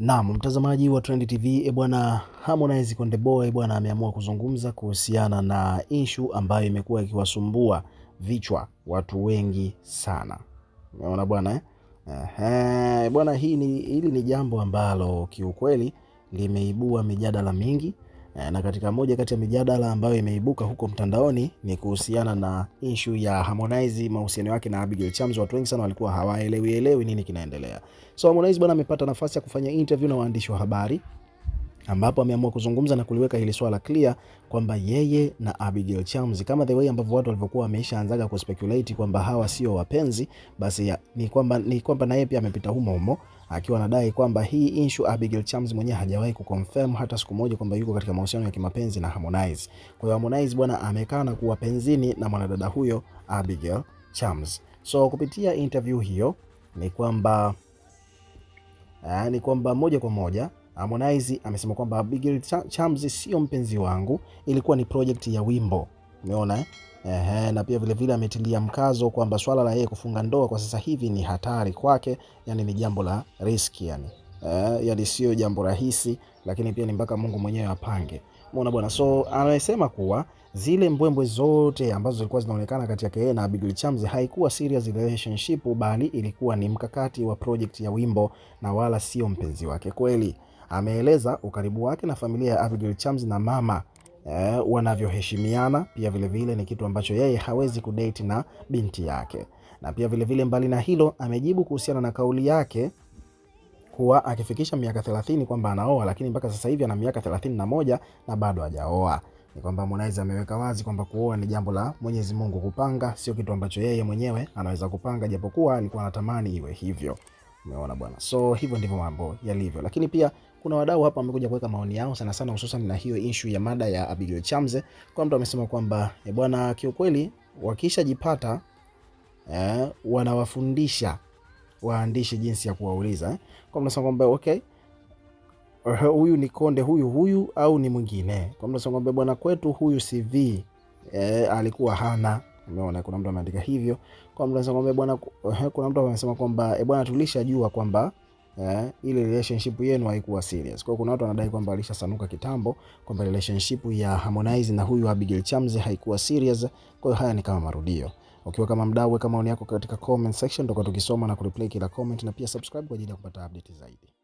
Naam, mtazamaji wa Trend TV, e bwana Harmonize Konde Boy bwana ameamua kuzungumza kuhusiana na ishu ambayo imekuwa ikiwasumbua vichwa watu wengi sana. Umeona bwana eh? Ehe, bwana hii ni, hili ni jambo ambalo kiukweli limeibua mijadala mingi Eh, na katika moja kati ya mijadala ambayo imeibuka huko mtandaoni ni kuhusiana na ishu ya Harmonize, mahusiano yake na Abigail Chams. Watu wengi sana walikuwa hawaelewi elewi nini kinaendelea. So Harmonize bwana amepata nafasi ya kufanya interview na waandishi wa habari ambapo ameamua kuzungumza na kuliweka hili swala clear kwamba yeye na Abigail Chams, kama the way ambavyo watu walivyokuwa wameishaanzaga speculate kwamba hawa sio wapenzi, basi ya, ni kwamba ni kwamba na yeye pia amepita humo humo akiwa anadai kwamba hii issue Abigail Chams mwenyewe hajawahi kuconfirm hata siku moja kwamba yuko katika mahusiano ya kimapenzi na Harmonize. Kwa hiyo Harmonize bwana amekaa na kuwa penzini na mwanadada huyo Abigail Chams. So kupitia interview hiyo ni kwamba eh, ni kwamba moja kwa moja Harmonize amesema kwamba Abigail Chams sio mpenzi wangu, ilikuwa ni project ya wimbo. Umeona eh? Ehe, na pia vilevile ametilia mkazo kwamba swala la yeye kufunga ndoa kwa sasa hivi ni hatari kwake, yani ni jambo la riski yani. Eh, yani sio jambo rahisi, lakini pia ni mpaka Mungu mwenyewe apange. Umeona bwana, so amesema kuwa zile mbwembwe zote ambazo zilikuwa zinaonekana kati yake yeye na Abigail Chams haikuwa serious relationship, bali ilikuwa ni mkakati wa project ya wimbo na wala sio mpenzi wake kweli. Ameeleza ukaribu wake na familia ya Abigail Chams na mama eh, wanavyoheshimiana. Pia vilevile vile ni kitu ambacho yeye hawezi kudate na binti yake, na pia vilevile vile mbali na hilo, amejibu kuhusiana na kauli yake kuwa akifikisha miaka 30 kwamba anaoa, lakini mpaka sasa hivi ana miaka 31 na, na bado hajaoa. Ni kwamba Harmonize ameweka wazi kwamba kuoa ni jambo la Mwenyezi Mungu kupanga, sio kitu ambacho yeye mwenyewe anaweza kupanga, japokuwa alikuwa anatamani iwe hivyo. Umeona bwana, so hivyo ndivyo mambo yalivyo, lakini pia kuna wadau hapa wamekuja kuweka maoni yao sana sana, hususan na hiyo issue ya mada ya Abigail Chamze. Kwa mtu amesema kwamba e, bwana, kiukweli wakishajipata eh, wanawafundisha waandishi jinsi ya kuwauliza eh. Kwa mtu kwamba okay eh, huyu ni Konde huyu huyu au ni mwingine. Kwa mtu kwamba bwana, kwetu huyu CV eh, alikuwa hana Umeona, kuna mtu ameandika hivyo, kwa mtu anasema kwamba bwana, eh, kuna mtu amesema kwamba e bwana, tulishajua kwamba eh, ile relationship yenu haikuwa serious. Kwa kuna watu wanadai kwamba alishasanuka kitambo kwamba relationship ya Harmonize na huyu Abigail Chams haikuwa serious. Kwa hiyo haya ni kama marudio. Ukiwa kama mdau, weka maoni yako katika comment section, tutakuwa tukisoma na kureply kila comment, na pia subscribe kwa ajili ya kupata update zaidi.